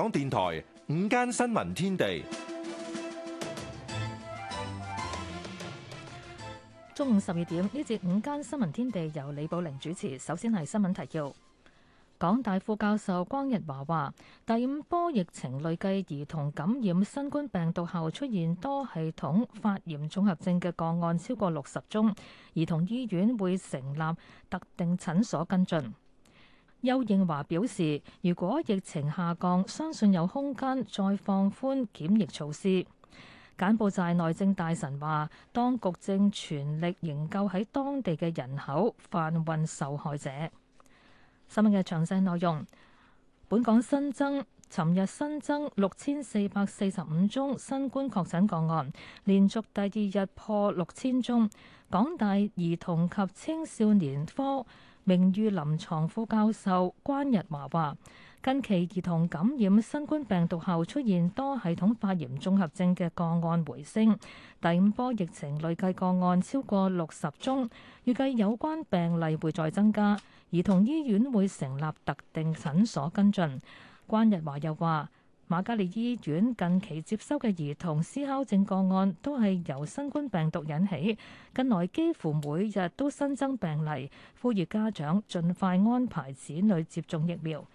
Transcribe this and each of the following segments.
港電台午間新聞天地，中午十二點呢節午間新聞天地由李寶玲主持。首先係新聞提要：港大副教授關日華話，第五波疫情累計兒童感染新冠病毒後出現多系統發炎綜合症嘅個案超過六十宗，兒童醫院會成立特定診所跟進。邱應華表示，如果疫情下降，相信有空間再放寬檢疫措施。柬埔寨內政大臣話，當局正全力營救喺當地嘅人口販運受害者。新聞嘅詳細內容：本港新增，尋日新增六千四百四十五宗新冠確診個案，連續第二日破六千宗。港大兒童及青少年科。名譽臨床副教授關日華話：近期兒童感染新冠病毒後出現多系統發炎綜合症嘅個案回升，第五波疫情累計個案超過六十宗，預計有關病例會再增加。兒童醫院會成立特定診所跟進。關日華又話。瑪嘉烈醫院近期接收嘅兒童嘶哮症個案都係由新冠病毒引起，近來幾乎每日都新增病例，呼籲家長盡快安排子女接種疫苗。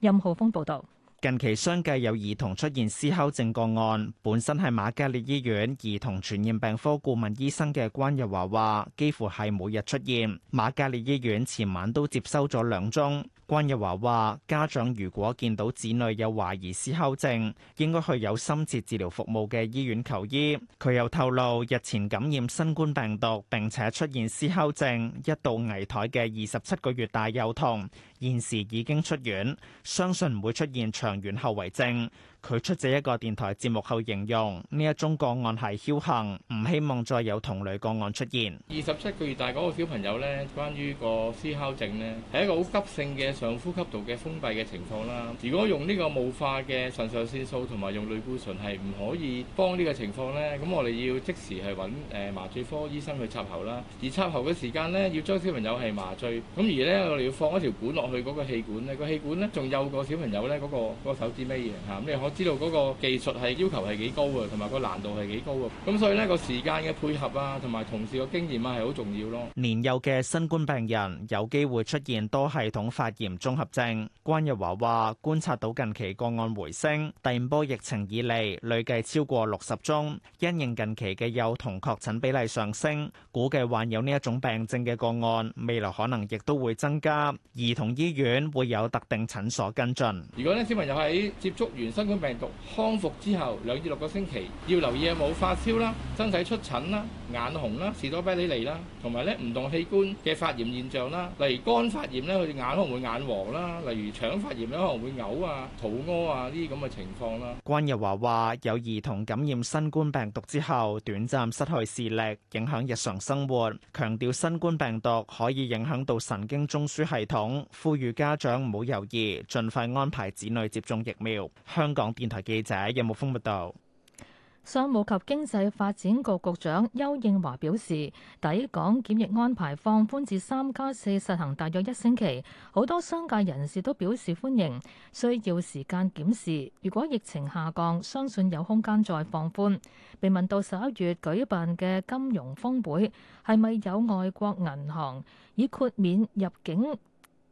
任浩峰報導。近期相繼有兒童出現思考症個案，本身係瑪嘉烈醫院兒童傳染病科顧問醫生嘅關日華話，幾乎係每日出現。瑪嘉烈醫院前晚都接收咗兩宗。關日華話，家長如果見到子女有懷疑思考症，應該去有深切治療服務嘅醫院求醫。佢又透露，日前感染新冠病毒並且出現思考症，一度危殆嘅二十七個月大幼童，現時已經出院，相信唔會出現長完後遺症。佢出席一個電台節目後，形容呢一宗個案係僥幸」，唔希望再有同類個案出現。二十七個月大嗰個小朋友呢，關於個思考症呢，係一個好急性嘅上呼吸道嘅封閉嘅情況啦。如果用呢個霧化嘅腎上腺素同埋用類固醇係唔可以幫呢個情況呢，咁我哋要即時係揾麻醉科醫生去插喉啦。而插喉嘅時間呢，要將小朋友係麻醉。咁而呢，我哋要放一條管落去嗰個氣管呢，呢個氣管呢，仲幼過小朋友呢，嗰個嗰個手指尾嚇，咩可？知道嗰個技術係要求係幾高嘅，同埋個難度係幾高嘅。咁所以呢個時間嘅配合啊，同埋同事個經驗啊，係好重要咯。年幼嘅新冠病人有機會出現多系統發炎綜合症。關日華話觀察到近期個案回升，第五波疫情以嚟累計超過六十宗，因應近期嘅幼童確診比例上升，估計患有呢一種病症嘅個案未來可能亦都會增加。兒童醫院會有特定診所跟進，如果呢小朋友喺接觸完新冠，病毒康復之後，兩至六個星期要留意有冇發燒啦、身體出疹啦、眼紅啦、士多啤梨脷啦，同埋咧唔同器官嘅發炎現象啦，例如肝發炎咧佢隻眼可能會眼黃啦，例如腸發炎咧可能會嘔啊、肚屙啊呢啲咁嘅情況啦。關日華話：有兒童感染新冠病毒之後，短暫失去視力，影響日常生活。強調新冠病毒可以影響到神經中樞系統，呼籲家長唔好猶豫，盡快安排子女接種疫苗。香港。電台記者任木峰報道，有有商務及經濟發展局局長丘應樺表示，抵港檢疫安排放寬至三加四，4，實行大約一星期，好多商界人士都表示歡迎。需要時間檢視，如果疫情下降，相信有空間再放寬。被問到十一月舉辦嘅金融峰會，係咪有外國銀行以豁免入境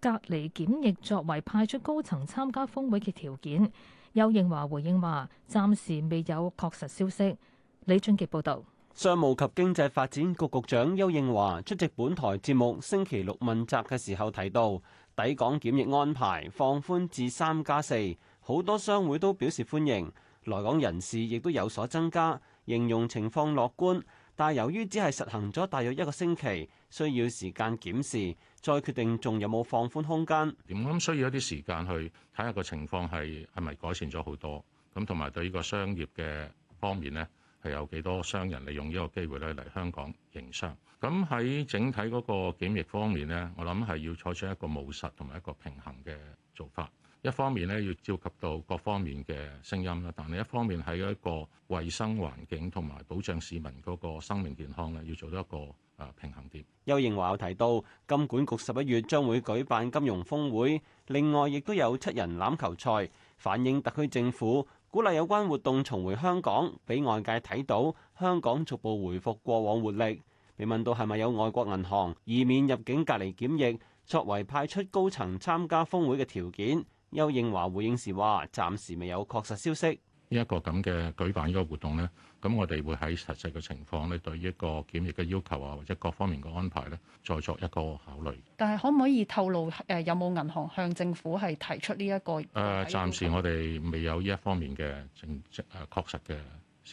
隔離檢疫作為派出高層參加峰會嘅條件？邱應華回應話：暫時未有確實消息。李俊杰報道，商務及經濟發展局局長邱應華出席本台節目星期六問責嘅時候提到，抵港檢疫安排放寬至三加四，好多商會都表示歡迎，來港人士亦都有所增加，形容情況樂觀。但係由於只係實行咗大約一個星期，需要時間檢視，再決定仲有冇放寬空間。咁需要一啲時間去睇下個情況係係咪改善咗好多。咁同埋對呢個商業嘅方面呢，係有幾多商人利用呢個機會咧嚟香港營商。咁喺整體嗰個檢疫方面呢，我諗係要採取一個務實同埋一個平衡嘅做法。一方面咧要召集到各方面嘅聲音啦，但另一方面係一個衛生環境同埋保障市民嗰個生命健康咧，要做到一個啊平衡點。邱應華有提到，金管局十一月將會舉辦金融峰會，另外亦都有七人欖球賽，反映特區政府鼓勵有關活動重回香港，俾外界睇到香港逐步回復過往活力。被問到係咪有外國銀行以免入境隔離檢疫，作為派出高層參加峰會嘅條件？邱應華回應時話，暫時未有確實消息。呢一個咁嘅舉辦呢個活動咧，咁我哋會喺實際嘅情況咧，對於一個檢疫嘅要求啊，或者各方面嘅安排咧，再作一個考慮。但係可唔可以透露誒、呃，有冇銀行向政府係提出呢一個？誒、呃，暫時我哋未有呢一方面嘅證誒，確、呃、實嘅。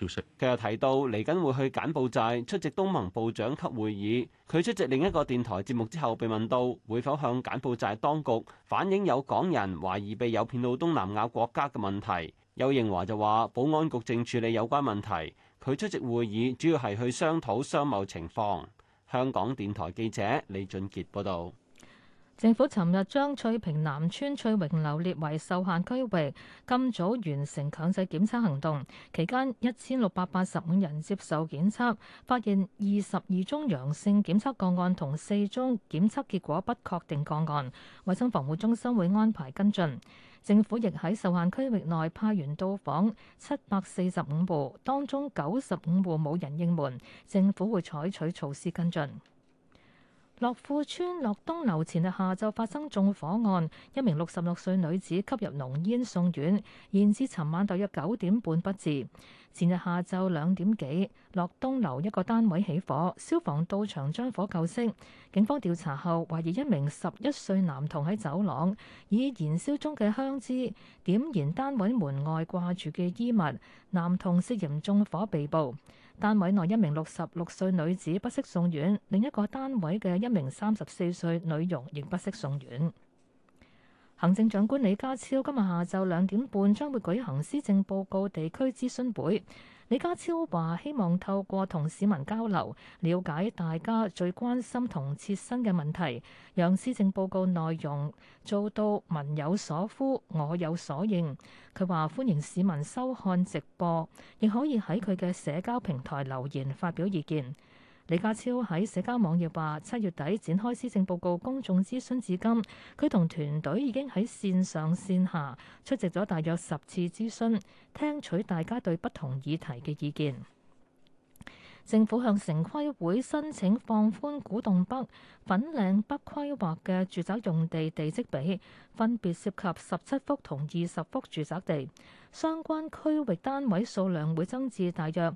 佢又提到，嚟緊會去柬埔寨出席東盟部長級會議，佢出席另一個電台節目之後被問到會否向柬埔寨當局反映有港人懷疑被誘騙到東南亞國家嘅問題，邱應樺就話保安局正處理有關問題，佢出席會議主要係去商討商貿情況，香港電台記者李俊傑報道。政府尋日將翠屏南村翠榮樓列為受限區域，今早完成強制檢測行動，期間一千六百八十五人接受檢測，發現二十二宗陽性檢測個案同四宗檢測結果不確定個案，衛生防護中心會安排跟進。政府亦喺受限區域內派員到訪七百四十五戶，當中九十五戶冇人應門，政府會採取措施跟進。樂富村樂東樓前日下晝發生縱火案，一名六十六歲女子吸入濃煙送院，延至尋晚大約九點半不治。前日下晝兩點幾，落東樓一個單位起火，消防到場將火救熄。警方調查後，懷疑一名十一歲男童喺走廊以燃燒中嘅香枝點燃單位門外掛住嘅衣物，男童涉嫌縱火被捕。單位內一名六十六歲女子不適送院，另一個單位嘅一名三十四歲女傭亦不適送院。行政長官李家超今日下晝兩點半將會舉行施政報告地區諮詢會。李家超話：希望透過同市民交流，了解大家最關心同切身嘅問題，讓施政報告內容做到民有所呼，我有所應。佢話歡迎市民收看直播，亦可以喺佢嘅社交平台留言發表意見。李家超喺社交網頁話：七月底展開施政報告公眾諮詢至今，佢同團隊已經喺線上線下出席咗大約十次諮詢，聽取大家對不同議題嘅意見。政府向城規會申請放寬古洞北、粉嶺北規劃嘅住宅用地地積比，分別涉及十七幅同二十幅住宅地，相關區域單位數量會增至大約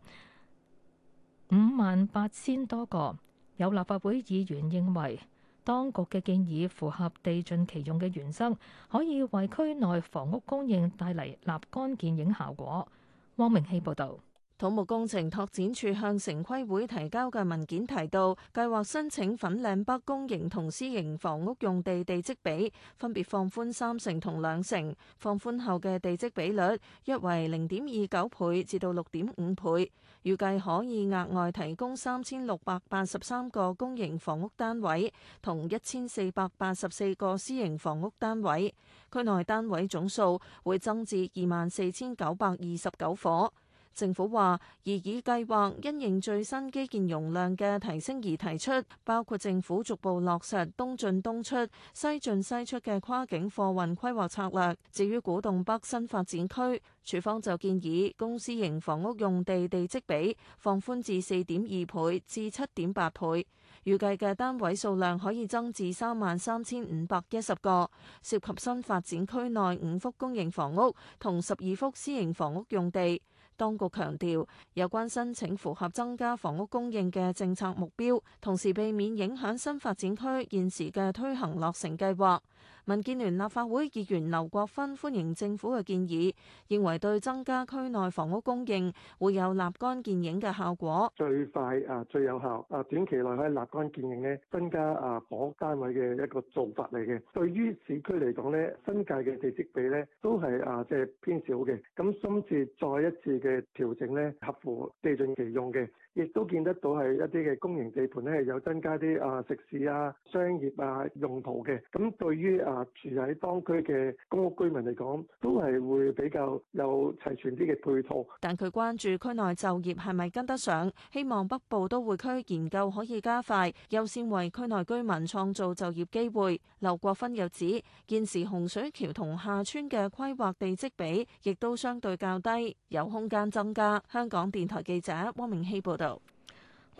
五萬八千多個，有立法會議員認為，當局嘅建議符合地盡其用嘅原則，可以為區內房屋供應帶嚟立竿見影效果。汪明希報導。土木工程拓展署向城規會提交嘅文件提到，計劃申請粉嶺北公營同私營房屋用地地積比分別放寬三成同兩成，放寬後嘅地積比率約為零點二九倍至到六點五倍，預計可以額外提供三千六百八十三個公營房屋單位，同一千四百八十四個私營房屋單位，區內單位總數會增至二萬四千九百二十九伙。政府話，而以計劃因應最新基建容量嘅提升而提出，包括政府逐步落實東進東出、西進西出嘅跨境貨運規劃策略。至於古洞北新發展區，處方就建議公私營房屋用地地積比放寬至四點二倍至七點八倍，預計嘅單位數量可以增至三萬三千五百一十個，涉及新發展區內五幅公營房屋同十二幅私營房屋用地。當局強調，有關申請符合增加房屋供應嘅政策目標，同時避免影響新發展區現時嘅推行落成計劃。民建聯立法會議員劉國勳歡迎政府嘅建議，認為對增加區內房屋供應會有立竿見影嘅效果，最快啊最有效啊短期內可以立竿見影呢，增加啊房屋單位嘅一個做法嚟嘅。對於市區嚟講呢，新界嘅地積比呢都係啊即係偏少嘅，咁今次再一次嘅調整呢，合乎地盡其用嘅，亦都見得到係一啲嘅公營地盤呢係有增加啲啊食肆啊商業啊用途嘅，咁對於啊，住喺當區嘅公屋居民嚟講，都係會比較有齊全啲嘅配套。但佢關注區內就業係咪跟得上，希望北部都會區研究可以加快，優先為區內居民創造就業機會。劉國芬又指，現時洪水橋同下村嘅規劃地積比亦都相對較低，有空間增加。香港電台記者汪明熙報導。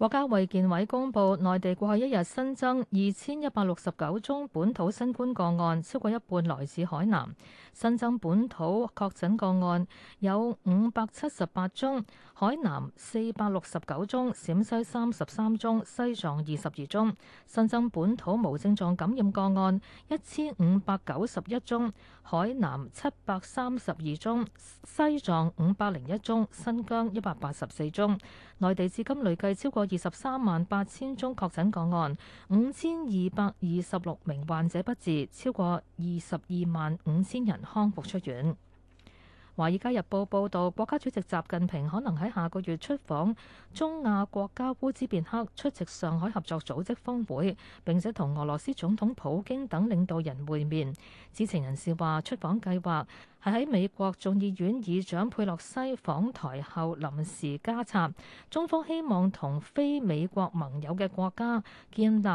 國家衛健委公布，內地過去一日新增二千一百六十九宗本土新冠個案，超過一半來自海南。新增本土確診個案有五百七十八宗，海南四百六十九宗，陝西三十三宗，西藏二十二宗。新增本土無症狀感染個案一千五百九十一宗，海南七百三十二宗，西藏五百零一宗，新疆一百八十四宗。內地至今累計超過二十三萬八千宗確診個案，五千二百二十六名患者不治，超過二十二萬五千人康復出院。《華爾街日報》報道，國家主席習近平可能喺下個月出訪中亞國家烏茲別克，出席上海合作組織峰會，並且同俄羅斯總統普京等領導人會面。知情人士話，出訪計劃係喺美國眾議院議長佩洛西訪台後臨時加插，中方希望同非美國盟友嘅國家建立。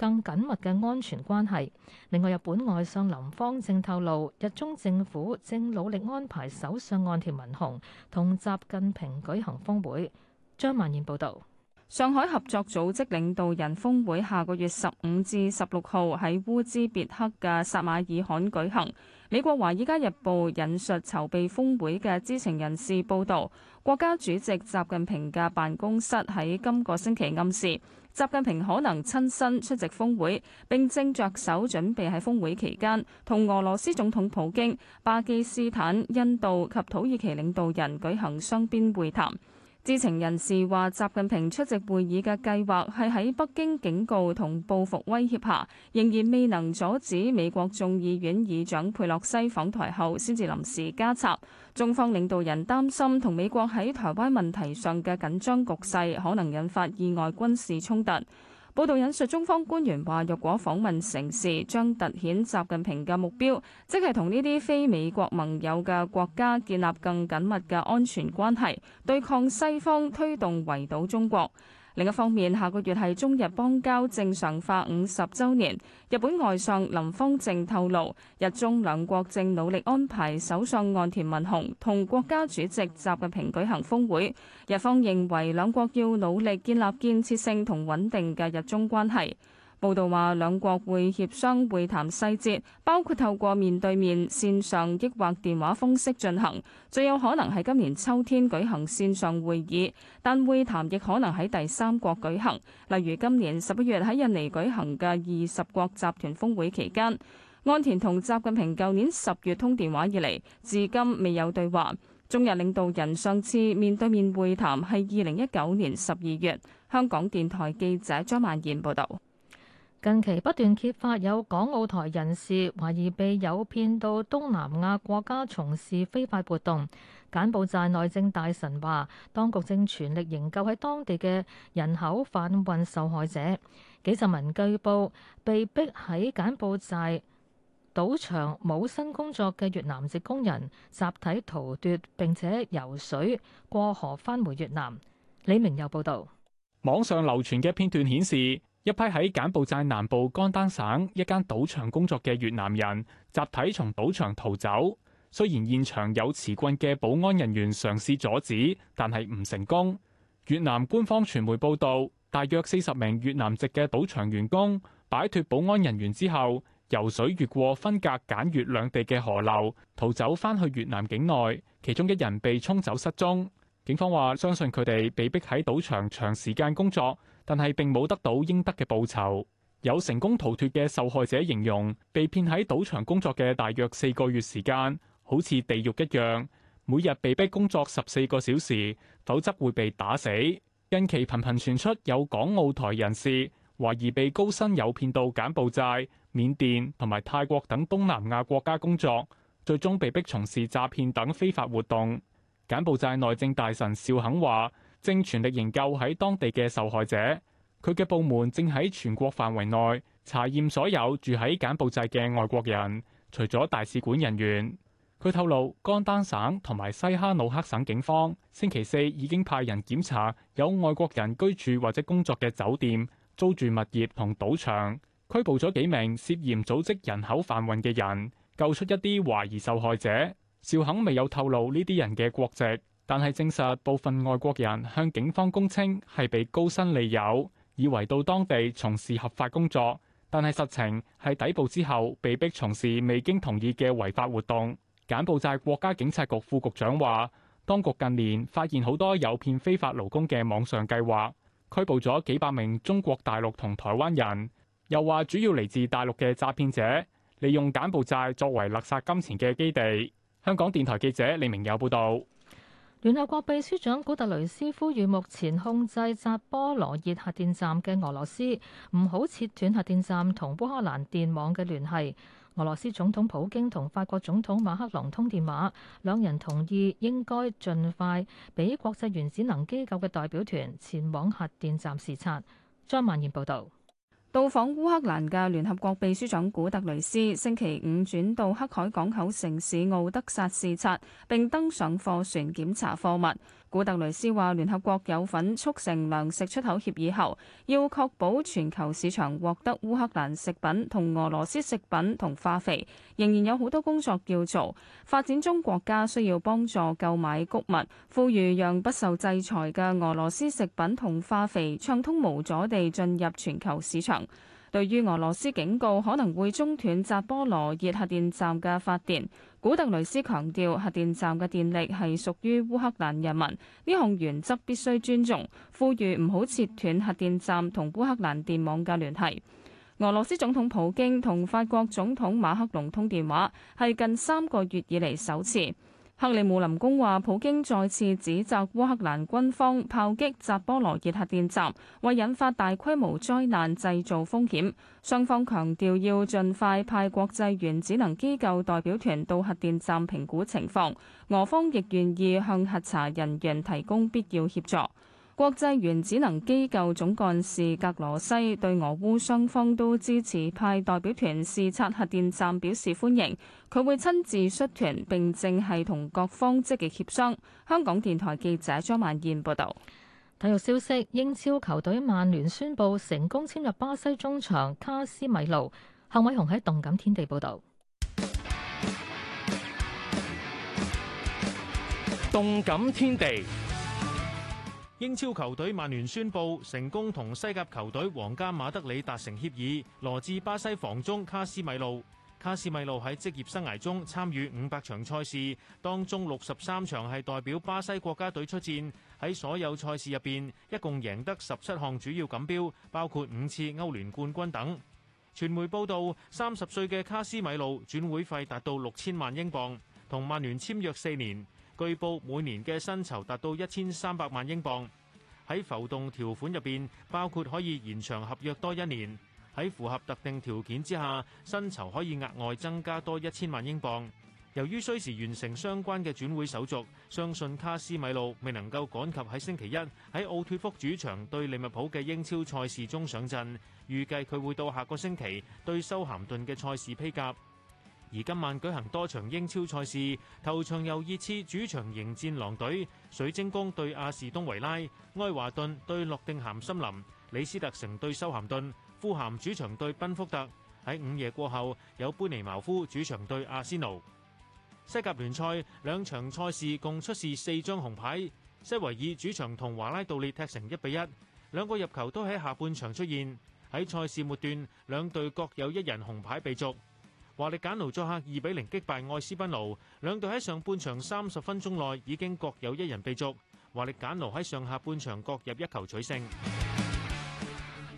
更緊密嘅安全關係。另外，日本外相林芳正透露，日中政府正努力安排首相岸田文雄同習近平舉行峰會。張曼燕報導。上海合作組織領導人峰會下個月十五至十六號喺烏茲別克嘅撒馬爾罕舉行。美國《華爾街日報》引述籌備峰會嘅知情人士報導，國家主席習近平嘅辦公室喺今個星期暗示。習近平可能親身出席峰會，並正着手準備喺峰會期間同俄羅斯總統普京、巴基斯坦、印度及土耳其領導人舉行雙邊會談。知情人士話，習近平出席會議嘅計劃係喺北京警告同報復威脅下，仍然未能阻止美國眾議院議長佩洛西訪台後，先至臨時加插。中方領導人擔心同美國喺台灣問題上嘅緊張局勢，可能引發意外軍事衝突。報道引述中方官員話，若果訪問成事，將突顯習近平嘅目標，即係同呢啲非美國盟友嘅國家建立更緊密嘅安全關係，對抗西方推動圍堵中國。另一方面，下個月係中日邦交正常化五十週年，日本外相林芳正透露，日中兩國正努力安排首相岸田文雄同國家主席習近平舉行峰會。日方認為兩國要努力建立建設性同穩定嘅日中關係。報道話，兩國會協商會談細節，包括透過面對面、線上抑或電話方式進行。最有可能係今年秋天舉行線上會議，但會談亦可能喺第三國舉行，例如今年十一月喺印尼舉行嘅二十國集團峰會期間。岸田同習近平舊年十月通電話以嚟，至今未有對話。中日領導人上次面對面會談係二零一九年十二月。香港電台記者張曼燕報道。近期不斷揭發有港澳台人士懷疑被誘騙到東南亞國家從事非法活動。柬埔寨內政大臣話，當局正全力營救喺當地嘅人口販運受害者。幾十名據報被逼喺柬埔寨賭場冇薪工作嘅越南籍工人，集體逃脫並且游水過河返回越南。李明又報導，網上流傳嘅片段顯示，一批喺柬埔寨南部干丹省一間賭場工作嘅越南人，集體從賭場逃走。雖然現場有持棍嘅保安人員嘗試阻止，但係唔成功。越南官方傳媒報道，大約四十名越南籍嘅賭場員工擺脫保安人員之後，游水越過分隔柬越兩地嘅河流，逃走翻去越南境內。其中一人被沖走失蹤。警方話相信佢哋被逼喺賭場長時間工作。但係並冇得到應得嘅報酬。有成功逃脫嘅受害者形容，被騙喺賭場工作嘅大約四個月時間，好似地獄一樣，每日被逼工作十四個小時，否則會被打死。近期頻頻傳出有港澳台人士懷疑被高薪誘騙到柬埔寨、緬甸同埋泰國等東南亞國家工作，最終被逼從事詐騙等非法活動。柬埔寨內政大臣邵肯話：正全力營救喺當地嘅受害者，佢嘅部門正喺全國範圍內查驗所有住喺柬埔寨嘅外國人，除咗大使館人員，佢透露，江丹省同埋西哈努克省警方星期四已經派人檢查有外國人居住或者工作嘅酒店、租住物業同賭場，拘捕咗幾名涉嫌組織人口販運嘅人，救出一啲懷疑受害者。邵肯未有透露呢啲人嘅國籍。但係證實部分外國人向警方供稱係被高薪利誘，以為到當地從事合法工作，但係實情係逮捕之後被逼從事未經同意嘅違法活動，柬埔寨國家警察局副局長話當局近年發現好多誘騙非法勞工嘅網上計劃，拘捕咗幾百名中國大陸同台灣人，又話主要嚟自大陸嘅詐騙者，利用柬埔寨作為勒殺金錢嘅基地。香港電台記者李明友報道。聯合國秘書長古特雷斯呼籲目前控制扎波羅熱核電站嘅俄羅斯唔好切斷核電站同烏克蘭電網嘅聯繫。俄羅斯總統普京同法國總統馬克龍通電話，兩人同意應該盡快俾國際原子能機構嘅代表團前往核電站視察。張曼燕報導。到訪烏克蘭嘅聯合國秘書長古特雷斯，星期五轉到黑海港口城市敖德薩視察，並登上貨船檢查貨物。古特雷斯話：聯合國有份促成糧食出口協議後，要確保全球市場獲得烏克蘭食品同俄羅斯食品同化肥，仍然有好多工作要做。發展中國家需要幫助購買穀物，呼籲讓不受制裁嘅俄羅斯食品同化肥暢通無阻地進入全球市場。對於俄羅斯警告可能會中斷扎波羅熱核電站嘅發電，古特雷斯強調核電站嘅電力係屬於烏克蘭人民，呢項原則必須尊重，呼籲唔好切斷核電站同烏克蘭電網嘅聯繫。俄羅斯總統普京同法國總統馬克龍通電話，係近三個月以嚟首次。克里姆林宮話，普京再次指責烏克蘭軍方炮擊扎波羅熱核電站，為引發大規模災難製造風險。雙方強調要盡快派國際原子能機構代表團到核電站評估情況，俄方亦願意向核查人員提供必要協助。國際原子能機構總幹事格羅西對俄烏雙方都支持派代表團視察核電站表示歡迎，佢會親自率團，並正係同各方積極協商。香港電台記者張曼燕報道。體育消息：英超球隊曼聯宣布成功簽入巴西中場卡斯米路。幸偉雄喺動感天地報道。動感天地。英超球隊曼聯宣布成功同西甲球隊皇家馬德里達成協議，羅致巴西防中卡斯米路。卡斯米路喺職業生涯中參與五百場賽事，當中六十三場係代表巴西國家隊出戰。喺所有賽事入邊，一共贏得十七項主要錦標，包括五次歐聯冠軍等。傳媒報道，三十歲嘅卡斯米路轉會費達到六千萬英鎊，同曼聯簽約四年。據報每年嘅薪酬達到一千三百萬英鎊。喺浮動條款入邊，包括可以延長合約多一年。喺符合特定條件之下，薪酬可以額外增加多一千萬英鎊。由於需時完成相關嘅轉會手續，相信卡斯米路未能夠趕及喺星期一喺奧脫福主場對利物浦嘅英超賽事中上陣。預計佢會到下個星期對修咸頓嘅賽事披甲。而今晚舉行多場英超賽事，頭場由熱刺主場迎戰狼隊，水晶宮對阿士東維拉，埃華頓對諾定咸森林，李斯特城對修咸頓，富咸主場對賓福特。喺午夜過後，有班尼茅夫主場對阿仙奴。西甲聯賽兩場賽事共出示四張紅牌，西維爾主場同華拉道列踢成一比一，兩個入球都喺下半場出現。喺賽事末段，兩隊各有一人紅牌被逐。華力簡奴作客二比零擊敗愛斯賓奴，兩隊喺上半場三十分鐘內已經各有一人被逐。華力簡奴喺上下半場各入一球取勝。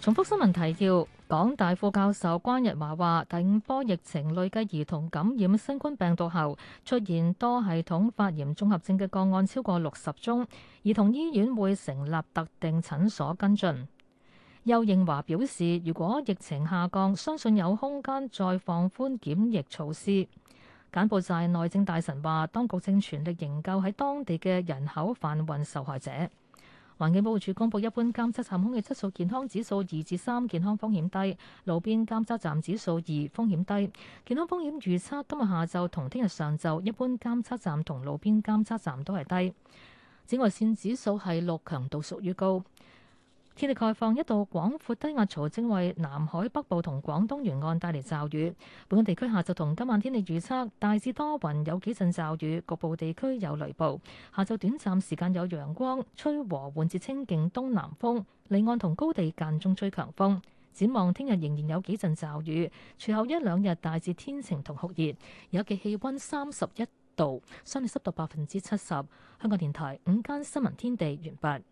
重複新聞提要：港大副教授關日華話，第五波疫情累計兒童感染新冠病毒後，出現多系統發炎綜合症嘅個案超過六十宗，兒童醫院會成立特定診所跟進。邱應華表示，如果疫情下降，相信有空間再放寬檢疫措施。柬埔寨內政大臣話，當局正全力營救喺當地嘅人口販運受害者。環境保護署公佈，一般監測站空氣質素健康指數二至三，健康風險低；路邊監測站指數二，風險低。健康風險預測今日下晝同聽日上晝，一般監測站同路邊監測站都係低。紫外線指數係六，強度屬於高。天氣概況，一道廣闊低壓槽正為南海北部同廣東沿岸帶嚟驟雨。本港地區下晝同今晚天氣預測，大致多雲，有幾陣驟雨，局部地區有雷暴。下晝短暫時間有陽光，吹和緩至清勁東南風，離岸同高地間中吹強風。展望聽日仍然有幾陣驟雨，隨後一兩日大致天晴同酷熱，有記氣温三十一度，相對濕度百分之七十。香港電台午間新聞天地完畢。